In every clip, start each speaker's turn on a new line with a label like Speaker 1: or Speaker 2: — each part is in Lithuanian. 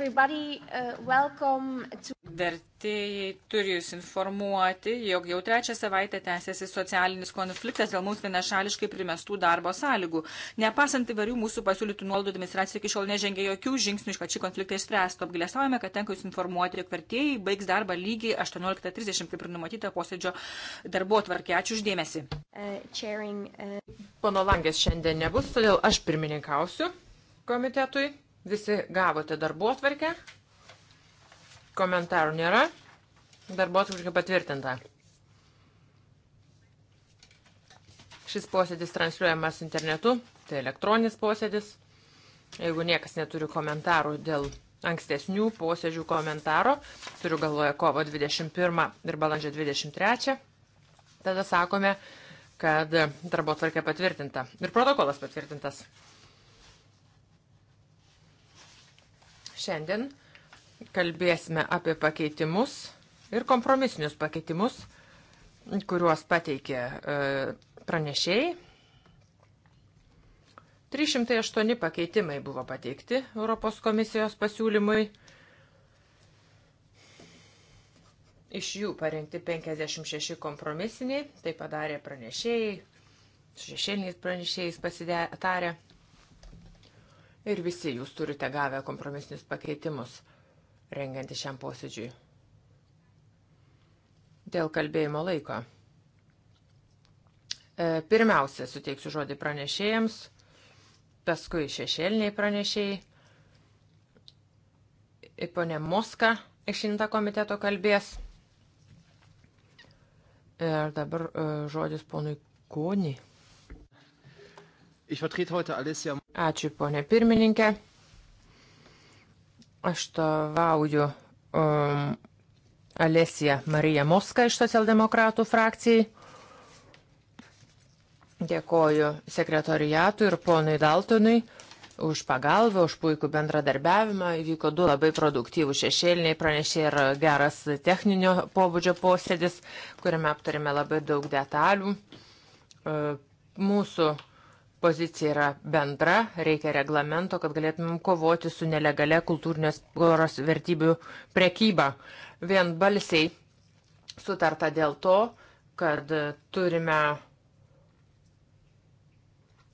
Speaker 1: everybody, uh, welcome to...
Speaker 2: Vertėjai turi jūs informuoti, jog jau trečią savaitę tęsiasi socialinis konfliktas dėl mums vienašališkai primestų darbo sąlygų. Nepasant įvarių mūsų pasiūlytų nuolaidų administracija iki šiol nežengė jokių žingsnių, kad šį konfliktą išspręstų. Apgalėsavome, kad tenka jūs informuoti, jog vertėjai baigs darbą lygiai 18.30, kaip ir numatyta
Speaker 1: posėdžio darbo tvarkė. Ačiū uždėmesi. Uh, chairing, uh... Pono Langės šiandien nebus, todėl aš pirmininkausiu komitetui. Visi gavote darbo atvarkę. Komentarų nėra. Darbo atvarkė patvirtinta. Šis posėdis transliuojamas internetu. Tai elektroninis posėdis. Jeigu niekas neturi komentarų dėl ankstesnių posėdžių komentaro, turiu galvoje kovo 21 ir balandžio 23, tada sakome, kad darbo tvarkė patvirtinta ir protokolas patvirtintas. Šiandien kalbėsime apie pakeitimus ir kompromisinius pakeitimus, kuriuos pateikė e, pranešėjai. 308 pakeitimai buvo pateikti Europos komisijos pasiūlymui. Iš jų parengti 56 kompromisiniai, tai padarė pranešėjai, su šešėliniais pranešėjais pasidarė ir visi jūs turite gavę kompromisinius pakeitimus rengiantį šiam posėdžiui. Dėl kalbėjimo laiko. E, pirmiausia, suteiksiu žodį pranešėjams, paskui šešėliniai pranešėjai. Pone Moska iš Inta komiteto kalbės. Ir dabar e, žodis ponui Koniai. Ačiū, ponė pirmininkė. Aš tavauju um, Alesija Marija Moska iš socialdemokratų frakcijai. Dėkoju sekretoriatui ir ponui Daltonui už pagalbą, už puikų bendradarbiavimą. Įvyko du labai produktyvų šešėliniai pranešė ir geras techninio pobūdžio posėdis, kuriame aptarėme labai daug detalių. E, mūsų Pozicija yra bendra, reikia reglamento, kad galėtumėm kovoti su nelegale kultūrinės poros vertybių prekyba. Vien balsiai sutarta dėl to, kad turime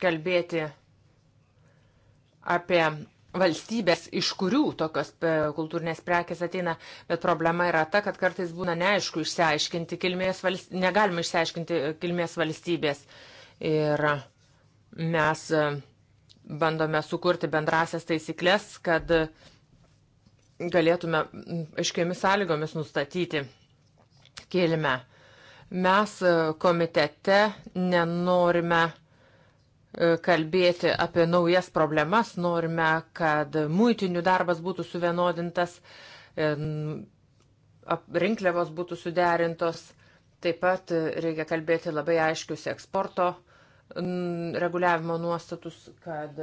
Speaker 1: kalbėti apie valstybės, iš kurių tokios e, kultūrinės prekės ateina, bet problema yra ta, kad kartais būna neaišku išsiaiškinti kilmės valstybės, negalima išsiaiškinti kilmės valstybės. Ir Mes e, bandome sukurti bendrasias taisyklės, kad galėtume aiškiamis sąlygomis nustatyti kilmę. Mes e, komitete nenorime e, kalbėti apie naujas problemas, norime, kad muitinių darbas būtų suvienodintas, rinkliavos būtų suderintos, taip pat reikia kalbėti labai aiškius eksporto reguliavimo nuostatus, kad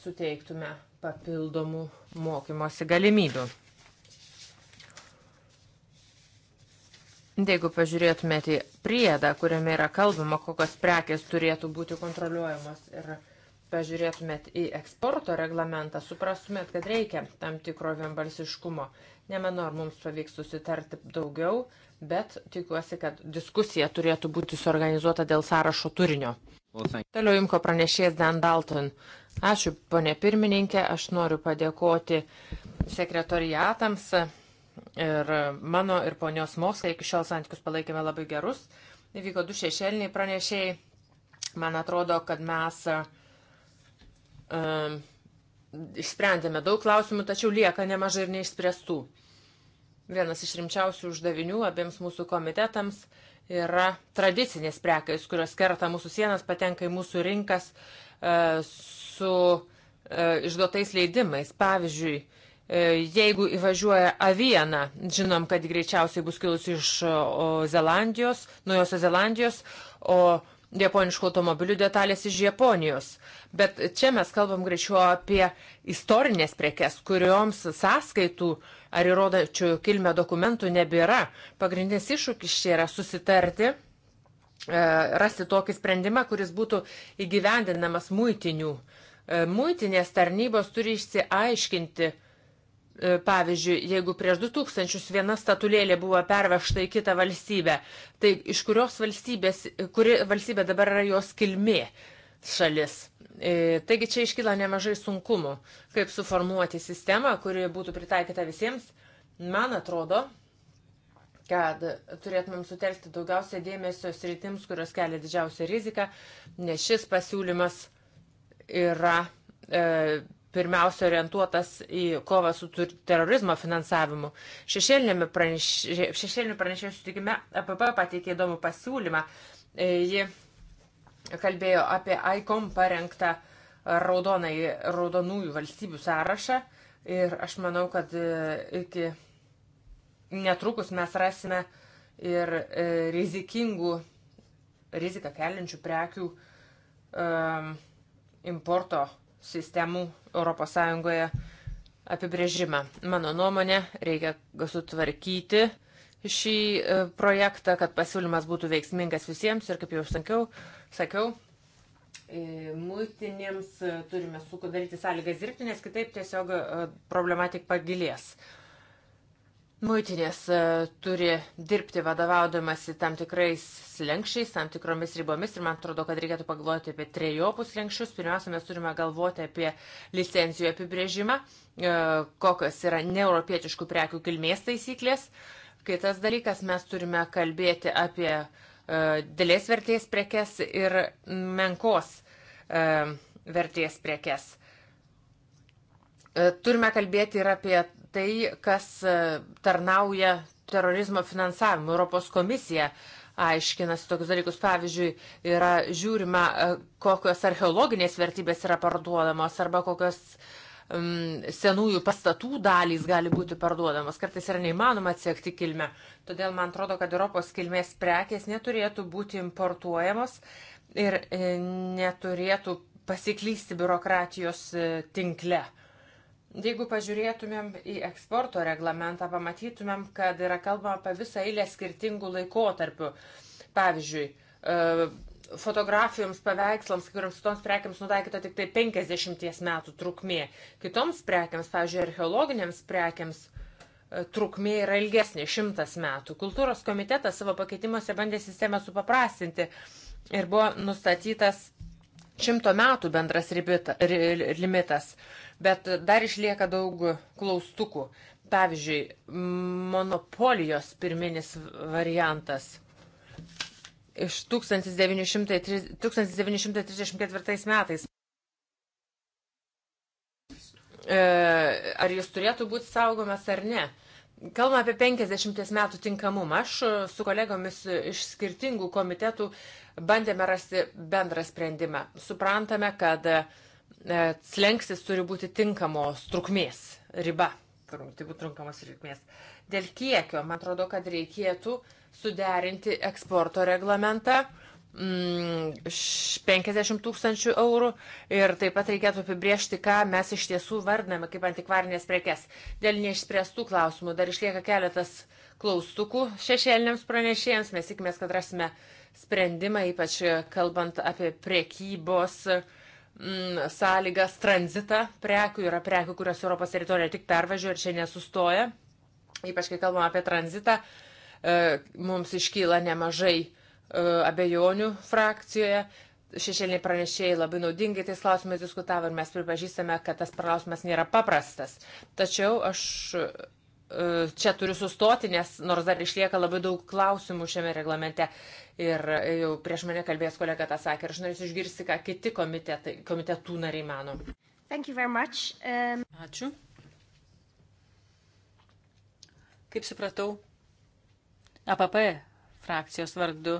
Speaker 1: suteiktume papildomų mokymosi galimybių. Jeigu pažiūrėtumėte į priedą, kuriame yra kalbama, kokios prekės turėtų būti kontroliuojamos ir pažiūrėtumėt į eksporto reglamentą, suprastumėt, kad reikia tam tikro vienbalsiškumo. Nemanau, ar mums pavyks susitarti daugiau, bet tikiuosi, kad diskusija turėtų būti suorganizuota dėl sąrašo turinio. Toliau imko pranešėjas Dan Dalton. Ačiū, ponė pirmininkė, aš noriu padėkoti sekretorijatams ir mano ir ponios Moksai iki šiol santykius palaikėme labai gerus. Įvyko du šešėliniai pranešėjai. Man atrodo, kad mes um, išsprendėme daug klausimų, tačiau lieka nemažai ir neišspręstų. Uh, Vienas iš rimčiausių uždavinių abiems mūsų komitetams yra tradicinės prekais, kurios kerta mūsų sienas, patenka į mūsų rinkas e, su e, išduotais leidimais. Pavyzdžiui, e, jeigu įvažiuoja aviena, žinom, kad greičiausiai bus kilusi iš Zelandijos, Naujosios Zelandijos, o japoniškų automobilių detalės iš Japonijos. Bet čia mes kalbam greičiau apie istorinės prekes, kurioms sąskaitų ar įrodančių kilmę dokumentų nebėra. Pagrindinis iššūkis čia yra susitarti, e, rasti tokį sprendimą, kuris būtų įgyvendinamas muitinių. E, muitinės tarnybos turi išsiaiškinti, E, pavyzdžiui, jeigu prieš 2000 viena statulėlė buvo pervežta į kitą valstybę, tai iš kurios valstybės, kuri valstybė dabar yra jos kilmė šalis. E, taigi čia iškyla nemažai sunkumų, kaip suformuoti sistemą, kuri būtų pritaikyta visiems. Man atrodo, kad turėtumėm sutelkti daugiausia dėmesio sritims, kurios kelia didžiausią riziką, nes šis pasiūlymas yra. E, pirmiausia orientuotas į kovą su terorizmo finansavimu. Šešėlinio pranešė, pranešėjo sutikime APP pateikė įdomų pasiūlymą. E, ji kalbėjo apie ICOM parengtą raudonai, raudonųjų valstybių sąrašą ir aš manau, kad e, iki netrukus mes rasime ir e, rizikingų, riziką keliančių prekių um, importo sistemų ES apibrėžimą. Mano nuomonė, reikia sutvarkyti šį e, projektą, kad pasiūlymas būtų veiksmingas visiems ir, kaip jau sakiau, sakiau e, muitinėms e, turime sudaryti sąlygas dirbti, nes kitaip tiesiog problema tik pagilės. Muitinės e, turi dirbti vadovaudamasi tam tikrais slengščiais, tam tikromis ribomis ir man atrodo, kad reikėtų pagalvoti apie trejopus slengščius. Pirmiausia, mes turime galvoti apie licencijų apibrėžimą, e, kokios yra neuropietiškų prekių kilmės taisyklės. Kitas dalykas, mes turime kalbėti apie e, dėlės vertės prekes ir menkos vertės prekes. Turime kalbėti ir apie tai, kas e, tarnauja terorizmo finansavimu. Europos komisija aiškinasi tokius dalykus. Pavyzdžiui, yra žiūrima, e, kokios archeologinės vertybės yra parduodamos arba kokios um, senųjų pastatų dalys gali būti parduodamos. Kartais yra neįmanoma atsiekti kilmę. Todėl man atrodo, kad Europos kilmės prekės neturėtų būti importuojamos ir e, neturėtų pasiklysti biurokratijos tinkle. Uh, Jeigu pažiūrėtumėm į eksporto reglamentą, pamatytumėm, kad yra kalbama apie visą eilę skirtingų laikotarpių. Pavyzdžiui, e, fotografijoms, paveikslams, kai kuriams toms prekiams nutaikyta tik tai 50 metų trukmė. Kitoms prekiams, pavyzdžiui, archeologiniams prekiams e, trukmė yra ilgesnė - 100 metų. Kultūros komitetas savo pakeitimuose bandė sistemą supaprastinti ir buvo nustatytas šimto metų bendras ribita, ri, limitas, bet dar išlieka daug klaustukų. Pavyzdžiui, monopolijos pirminis variantas. Iš 1930, 1934 metais. E, ar jis turėtų būti saugomas ar ne? E, Kalbame apie 50 metų tinkamumą. Aš su kolegomis iš skirtingų komitetų bandėme rasti bendrą sprendimą. Suprantame, kad e, slengstis turi būti tinkamos trukmės riba. Tai būtų trunkamos trukmės. Dėl kiekio, man atrodo, kad reikėtų suderinti eksporto reglamentą 50 mm, tūkstančių eurų ir taip pat reikėtų apibriežti, ką mes iš tiesų vardiname kaip antikvarinės prekes. Dėl neišspręstų klausimų dar išlieka keletas klaustukų šešėliniams pranešėjams. Mes tikimės, kad rasime sprendimą, ypač kalbant apie priekybos mm, sąlygas, tranzitą prekių. Yra prekių, kurios Europos teritorijoje tik pervažiuoja ir čia nesustoja. Ypač kai kalbame apie tranzitą, e, mums iškyla nemažai uh, E, abejonių frakcijoje. Šešėliniai pranešėjai labai naudingai tais klausimais diskutavo ir mes pripažįstame, kad tas klausimas nėra paprastas. Tačiau aš e, čia turiu sustoti, nes nors dar išlieka labai daug klausimų šiame reglamente ir jau prieš mane kalbės kolega tą sakė ir aš norėsiu išgirsti, ką kiti komitetai, komitetų nariai mano. Um... Ačiū.
Speaker 2: Kaip supratau, APP frakcijos vardu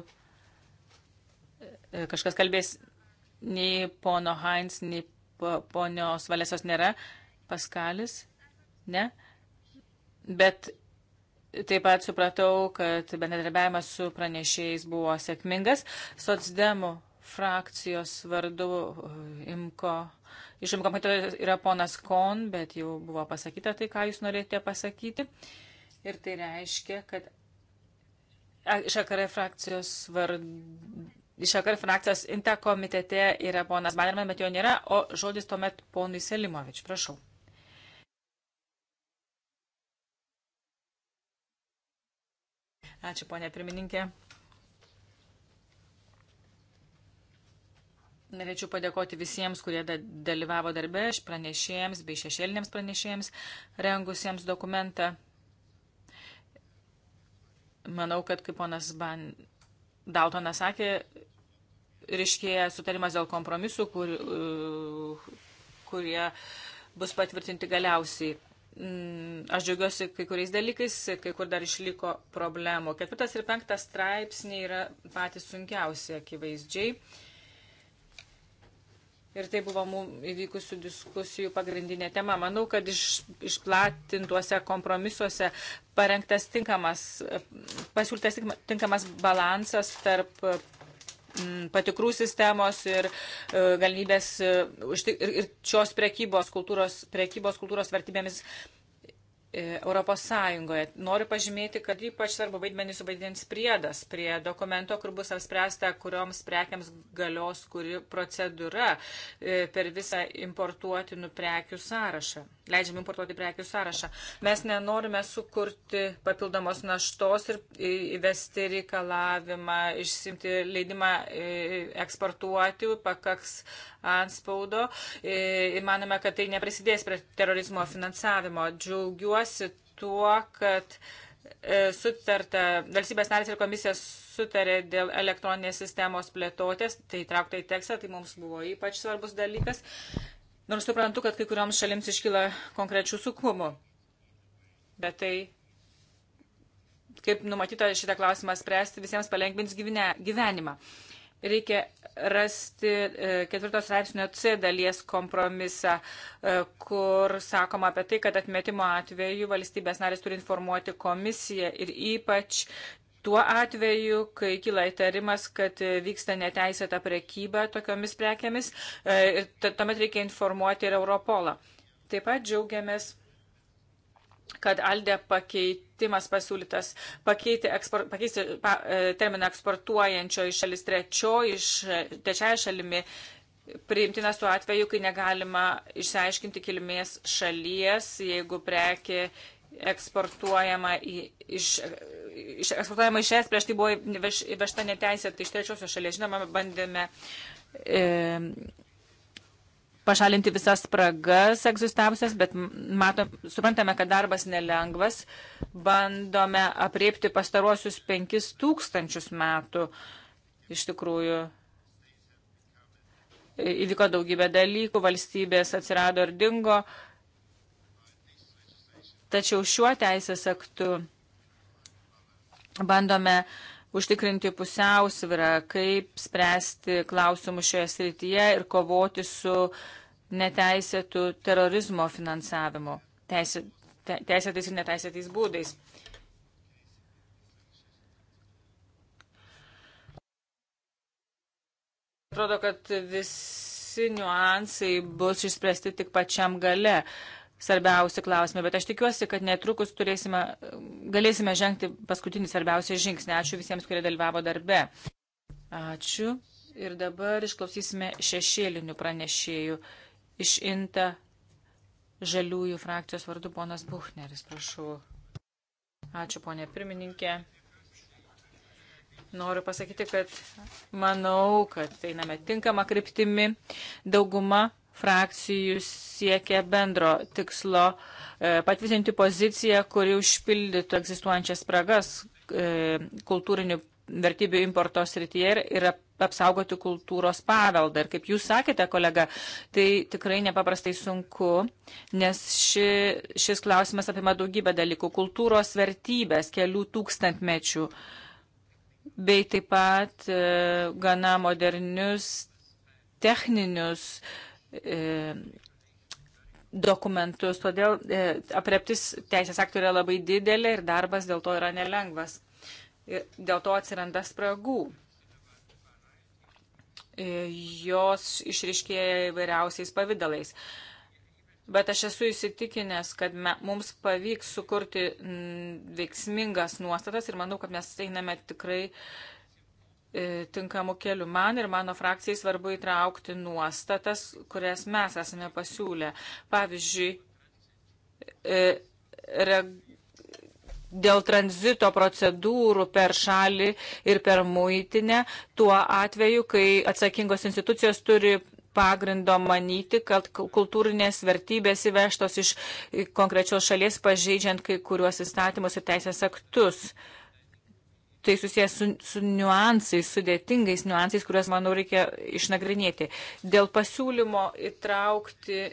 Speaker 2: e, kažkas kalbės, nei pono Heinz, nei ponios Valesos nėra, Paskalis, ne? Bet taip pat supratau, kad bendradarbiavimas su pranešėjais buvo sėkmingas. Sotsdemų frakcijos vardu e, Imko. Iš Imko komiteto yra ponas Kon, bet jau buvo pasakyta tai, ką jūs norėjote pasakyti. Ir tai reiškia, kad iš AKR frakcijos vardu. Iš AKR frakcijos INTA komitete yra ponas Banerman, bet jo nėra, o žodis tuomet ponui Selimovič. Prašau. Ačiū, ponė pirmininkė. Norėčiau padėkoti visiems, kurie dalyvavo darbe, pranešėjams bei šešėlinėms pranešėjams, rengusiems dokumentą. Manau, kad kaip ponas Ban Daltonas sakė, ryškėja sutarimas dėl kompromisų, kur, uh, kurie bus patvirtinti galiausiai. Mm, aš džiaugiuosi kai kuriais dalykais, kai kur dar išliko problemų. Ketvirtas ir penktas straipsniai yra patys sunkiausi akivaizdžiai. Uh, Ir tai buvo mums įvykusių diskusijų pagrindinė tema. Manau, kad iš, išplatintuose kompromisuose parengtas tinkamas, pasiūlytas tinkamas balansas tarp mm, patikrų sistemos ir e, galimybės e, ir šios prekybos kultūros, prekybos kultūros vertybėmis E, Europos Sąjungoje. Noriu pažymėti, kad ypač svarbu vaidmenį suvaidins priedas prie dokumento, kur bus apspręsta, kurioms prekiams galios kuri procedūra e, per visą importuotinų prekių sąrašą. Leidžiam importuoti prekių sąrašą. Mes nenorime sukurti papildomos naštos ir įvesti reikalavimą, išsimti leidimą e, eksportuoti, pakaks anspaudo. Ir manome, kad tai neprisidės prie terorizmo finansavimo. Džiaugiuosi džiaugiuosi tuo, kad e, sutarta, valstybės narės ir komisija sutarė dėl elektroninės sistemos plėtotės, tai traukta į tekstą, tai mums buvo ypač svarbus dalykas, nors suprantu, kad kai kurioms šalims iškyla konkrečių sunkumų. Bet tai, kaip numatyta šitą klausimą spręsti, visiems palengvins gyvenimą. Reikia rasti e, ketvirtos straipsnio C dalies kompromisą, e, kur sakoma apie tai, kad atmetimo atveju valstybės narės turi informuoti komisiją ir ypač tuo atveju, kai kyla įtarimas, kad vyksta neteisėta prekyba tokiomis prekiamis, e, tuomet reikia informuoti ir Europolą. Taip pat džiaugiamės kad Aldė pakeitimas pasiūlytas pakeiti, ekspor, pakeisti pa, e, terminą eksportuojančio iš šalis trečio, iš e, trečiaja šalimi priimtinas tuo atveju, kai negalima išsiaiškinti kilmės šalies, jeigu prekė eksportuojama į, iš, iš, eksportuojama iš es, prieš tai buvo įvežta neteisėtai iš trečiosios šalies. Žinoma, bandėme e, pašalinti visas spragas egzistavusias, bet matom, suprantame, kad darbas nelengvas. Bandome apriepti pastaruosius penkis tūkstančius metų. Iš tikrųjų, įvyko daugybė dalykų, valstybės atsirado ir dingo. Tačiau šiuo teisės aktu bandome uh, užtikrinti pusiausvyrą, kaip spręsti klausimus šioje srityje ir kovoti su neteisėtų terorizmo finansavimu teisė, te, teisėtais ir neteisėtais būdais. Atrodo, kad visi niuansai bus išspręsti tik pačiam gale. Uh, svarbiausi klausimai, bet aš tikiuosi, kad netrukus turėsime, galėsime žengti paskutinį svarbiausią žingsnį. Ačiū visiems, kurie dalyvavo darbe. Ačiū. Ir dabar išklausysime šešėlinių pranešėjų. Išinta žaliųjų frakcijos vardu ponas Buchneris, prašau. Ačiū, ponė pirmininkė. Noriu pasakyti, kad manau, kad einame tinkamą kryptimi. Dauguma frakcijų siekia bendro tikslo e, patvirtinti poziciją, kuri užpildytų egzistuojančias spragas e, kultūrinių vertybių importo srityje ir apsaugoti kultūros paveldą. Ir kaip jūs sakėte, kolega, tai tikrai nepaprastai sunku, nes ši, šis klausimas apima daugybę dalykų - kultūros vertybės kelių tūkstantmečių, bei taip pat e, gana modernius techninius uh, E, dokumentus. Todėl e, apreptis teisės aktų yra labai didelė ir darbas dėl to yra nelengvas. Ir e, dėl to atsiranda spragų jos išriškėja įvairiausiais pavydalais. Bet aš esu įsitikinęs, kad me, mums pavyks sukurti m, veiksmingas nuostatas ir manau, kad mes einame tikrai E, tinkamų kelių. Man ir mano frakcijai svarbu įtraukti nuostatas, kurias mes esame pasiūlę. Pavyzdžiui, e, reg dėl tranzito procedūrų per šalį ir per muitinę, tuo atveju, kai atsakingos institucijos turi pagrindo manyti, kad kultūrinės vertybės įvežtos iš konkrečios šalies pažeidžiant kai kuriuos įstatymus ir teisės aktus tai susijęs su, su niuansais, sudėtingais niuansais, kuriuos, manau, reikia išnagrinėti. Dėl pasiūlymo įtraukti e,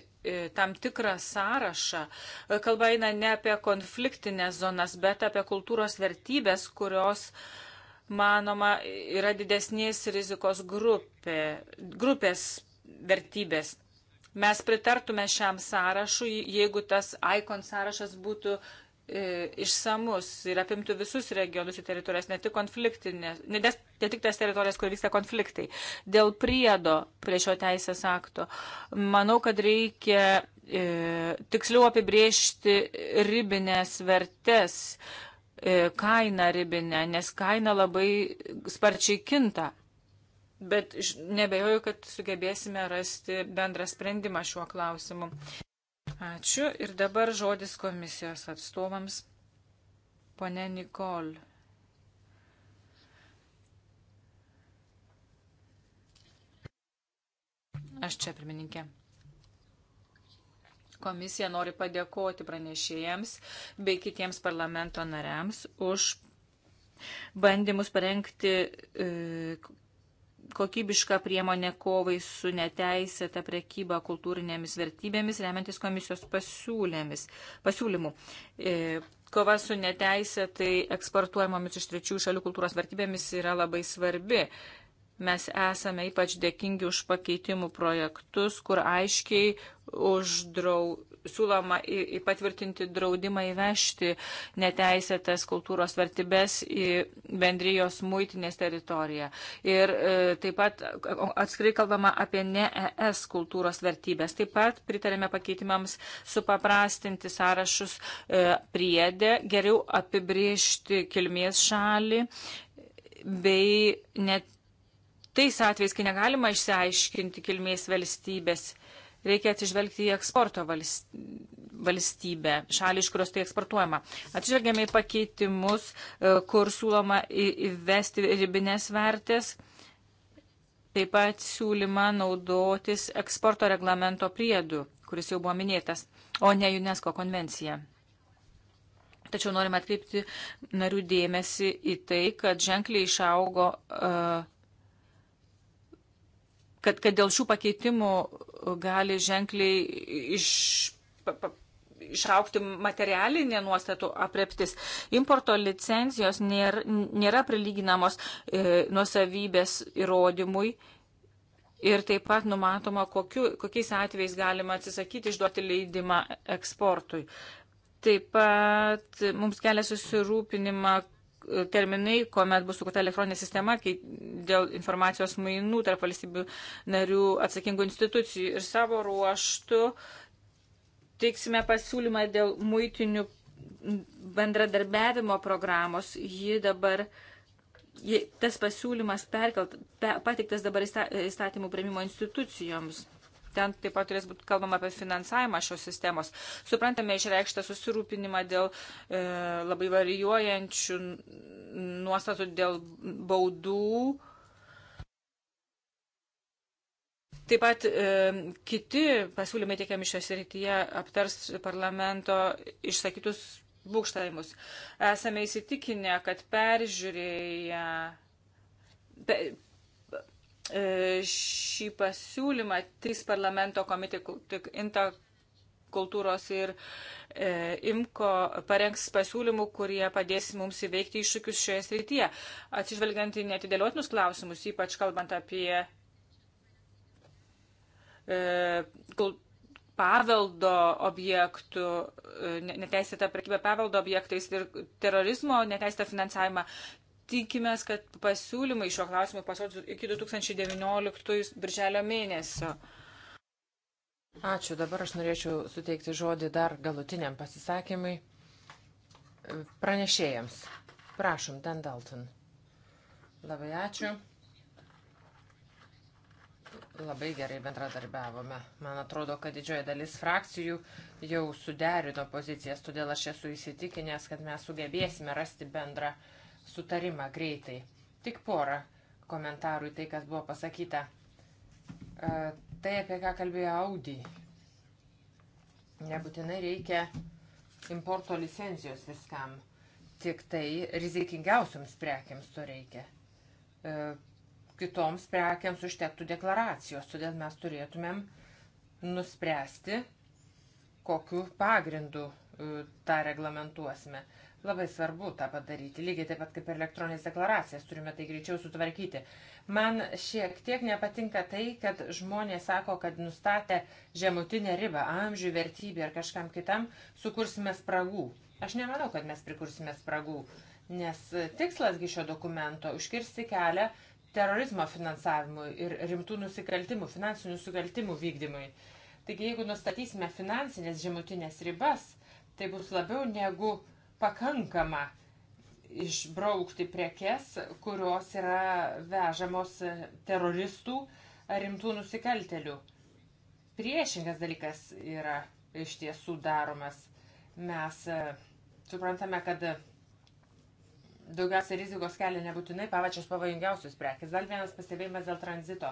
Speaker 2: tam tikrą sąrašą. E, kalba eina ne apie konfliktinės zonas, bet apie kultūros vertybės, kurios, manoma, yra didesnės rizikos grupė, grupės vertybės. Mes pritartume šiam sąrašui, jeigu tas ikon sąrašas būtų uh, E, išsamus ir apimtų visus regionus ir teritorijas, ne tik konfliktinės, ne, des, ne tik tas teritorijas, kur vyksta konfliktai. Dėl priedo prie šio teisės akto, manau, kad reikia e, tiksliau apibriežti ribinės vertes, e, kainą ribinę, nes kaina labai sparčiai kinta. Bet nebejoju, kad sugebėsime rasti bendrą sprendimą šiuo klausimu. Ačiū. Ir dabar žodis komisijos atstovams. Pone Nikol. Aš čia pirmininkė. Komisija nori padėkoti pranešėjams bei kitiems parlamento nariams už bandymus parengti e, kokybišką priemonę kovai su neteisėta prekyba kultūrinėmis vertybėmis, remiantis komisijos pasiūlymų. E, kova su neteisėtai eksportuojamomis iš trečiųjų šalių kultūros vertybėmis yra labai svarbi. Mes esame ypač dėkingi už pakeitimų projektus, kur aiškiai uždrau, siūloma patvirtinti draudimą įvežti neteisėtas kultūros vertybės į bendrijos muitinės teritoriją. Ir e, taip pat atskirai kalbama apie ne ES kultūros vertybės. Taip pat pritarėme pakeitimams supaprastinti sąrašus e, priedę, geriau apibriežti kilmės šalį bei net tais atvejais, kai negalima išsiaiškinti kilmės valstybės reikia atsižvelgti į eksporto valstybę, šalį, iš kurios tai eksportuojama. Atsižvelgiame į pakeitimus, e, kur siūloma įvesti ribinės vertės. Taip pat siūlyma naudotis eksporto reglamento priedų, kuris jau buvo minėtas, o ne UNESCO konvencija. Tačiau norime atkreipti narių dėmesį į tai, kad ženkliai išaugo, e, kad, kad dėl šių pakeitimų gali ženkliai iš, pa, pa, išaukti materialinė nuostatų apreptis. Importo licencijos nėra, nėra prilyginamos e, nuosavybės įrodymui. Ir taip pat numatoma, kokiu, kokiais atvejais galima atsisakyti išduoti leidimą eksportui. Taip pat mums kelia susirūpinimą, terminai, kuomet bus sukurta elektroninė sistema dėl informacijos mainų tarp valstybių narių atsakingų institucijų. Ir savo ruoštų teiksime pasiūlymą dėl muitinių bendradarbiavimo programos. Ji dabar, ji, tas pasiūlymas perkelt, pe, patiktas dabar įstatymų prieimimo institucijoms ten taip pat turės būti kalbama apie finansavimą šios sistemos. Suprantame išreikštą susirūpinimą dėl e, labai varijuojančių nuostatų dėl baudų. Taip pat e, kiti pasiūlymai teikiami šios rytyje aptars parlamento išsakytus būkštavimus. Esame įsitikinę, kad peržiūrėję. Pe, E, šį pasiūlymą trys parlamento komitetai, tik INTA kultūros ir e, IMKO parengs pasiūlymų, kurie padės mums įveikti iššūkius šioje srityje. Atsižvelgiant į netidėliotinus klausimus, ypač kalbant apie e, kul, paveldo objektų, e, neteisėtą prekybę paveldo objektais ir terorizmo neteisėtą finansavimą, tikimės, kad pasiūlymai šiuo klausimu pasirodys iki 2019 birželio mėnesio.
Speaker 1: Ačiū. Dabar aš norėčiau suteikti žodį dar galutiniam pasisakymui pranešėjams. Prašom, Dan Dalton. Labai ačiū. Labai gerai bendradarbiavome. Man atrodo, kad didžioji dalis frakcijų jau suderino pozicijas, todėl aš esu įsitikinęs, kad mes sugebėsime rasti bendrą uh, sutarimą greitai. Tik porą komentarų į tai, kas buvo pasakyta. E, tai, apie ką kalbėjo Audi. Nebūtinai reikia importo licencijos viskam. Tik tai rizikingiausiams prekiams to reikia. E, kitoms prekiams užtektų deklaracijos, todėl mes turėtumėm nuspręsti, kokiu pagrindu e, tą reglamentuosime. Labai svarbu tą padaryti, lygiai taip pat kaip ir elektroninės deklaracijas turime tai greičiau sutvarkyti. Man šiek tiek nepatinka tai, kad žmonės sako, kad nustatę žemutinę ribą, amžių, vertybę ar kažkam kitam, sukursime spragų. Aš nemanau, kad mes prikursime spragų, nes tikslasgi šio dokumento užkirsti kelią terorizmo finansavimui ir rimtų nusikaltimų, finansinių nusikaltimų vykdymui. Taigi, jeigu nustatysime finansinės žemutinės ribas, tai bus labiau negu pakankama išbraukti prekes, kurios yra vežamos teroristų ar rimtų nusikaltelių. Priešingas dalykas yra iš tiesų daromas. Mes e, suprantame, kad daugiausia rizikos kelia nebūtinai pavačios pavojingiausius prekes. Dar vienas pastebėjimas dėl tranzito.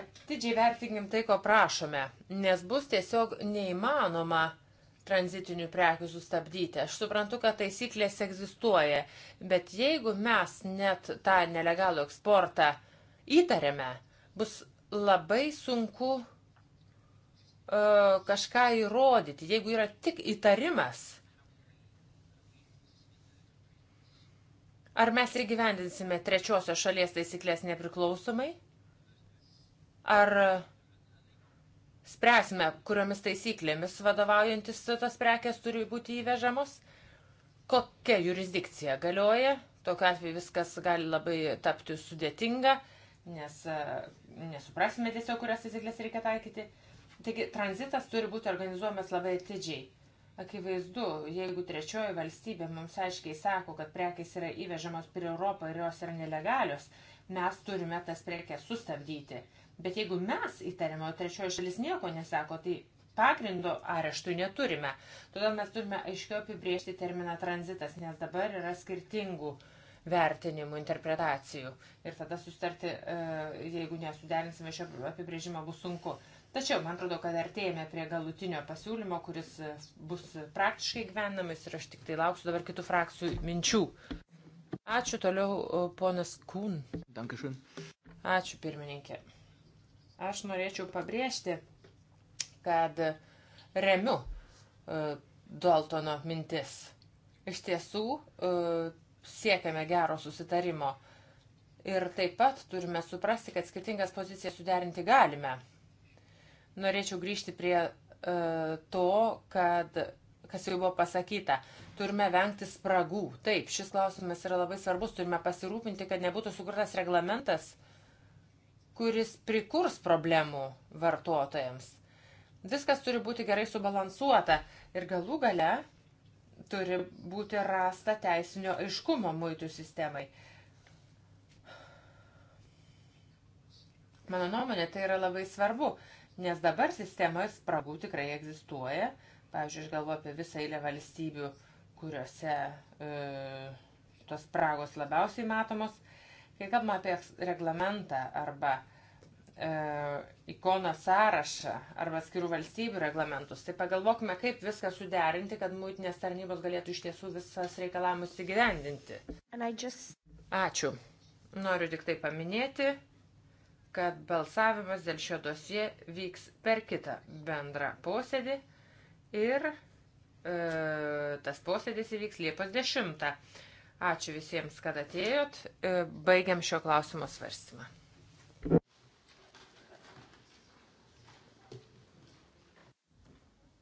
Speaker 1: Atidžiai vertinkim tai, ko prašome, nes bus tiesiog neįmanoma uh, tranzitinių prekių sustabdyti. Aš suprantu, kad taisyklės egzistuoja, bet jeigu mes net tą nelegalų eksportą įtariame, bus labai sunku uh, kažką įrodyti, jeigu yra tik įtarimas. Ar mes ir gyvendinsime trečiosios šalies taisyklės nepriklausomai? Ar uh, spręsime, kuriomis taisyklėmis vadovaujantis tos prekės turi būti įvežamos, kokia jurisdikcija galioja. Tokiu atveju viskas gali labai tapti sudėtinga, nes e, nesuprasime tiesiog, kurias taisyklės reikia taikyti. Taigi tranzitas turi būti organizuojamas labai atidžiai. Akivaizdu, jeigu trečioji valstybė mums aiškiai sako, kad prekės yra įvežamos prie Europą ir jos yra nelegalios, mes turime tas prekes sustabdyti. Bet jeigu mes įtariame, o trečioji šalis nieko nesako, tai pagrindo areštų neturime. Todėl mes turime aiškiau apibriežti terminą tranzitas, nes dabar yra skirtingų vertinimų, interpretacijų. Ir tada sustarti, e, jeigu nesuderinsime šio apibrėžimo, bus sunku. Tačiau, man atrodo, kad artėjame prie galutinio pasiūlymo, kuris e, bus praktiškai gyvenamas ir aš tik tai lauksiu dabar kitų frakcijų minčių. Ačiū toliau, e, ponas Kūn. Dankišin. Ačiū, pirmininkė. Aš norėčiau pabrėžti, kad remiu e, Daltono mintis. Iš tiesų e, siekiame gero susitarimo ir taip pat turime suprasti, kad skirtingas pozicijas suderinti galime. Norėčiau grįžti prie e, to, kad, kas jau buvo pasakyta, turime vengti spragų. Taip, šis klausimas yra labai svarbus, turime pasirūpinti, kad nebūtų sukurtas reglamentas, kuris prikurs problemų vartotojams. Viskas turi būti gerai subalansuota ir galų gale turi būti rasta teisinio aiškumo muitų sistemai. Mano nuomonė, tai yra labai svarbu, nes dabar sistemoje spragų tikrai egzistuoja. Pavyzdžiui, aš galvoju apie visą eilę valstybių, kuriuose e, tos spragos labiausiai matomos. Kai kalbame apie reglamentą arba e, ikoną sąrašą arba skirų valstybių reglamentus, tai pagalvokime, kaip viską suderinti, kad muitinės tarnybos galėtų iš tiesų visas reikalavimus įgyvendinti. Just... Ačiū. Noriu tik tai paminėti, kad balsavimas dėl šio dosie vyks per kitą bendrą posėdį ir e, tas posėdis įvyks Liepos 10. Ačiū visiems, kad atėjot. E, baigiam šio klausimo svarstymą.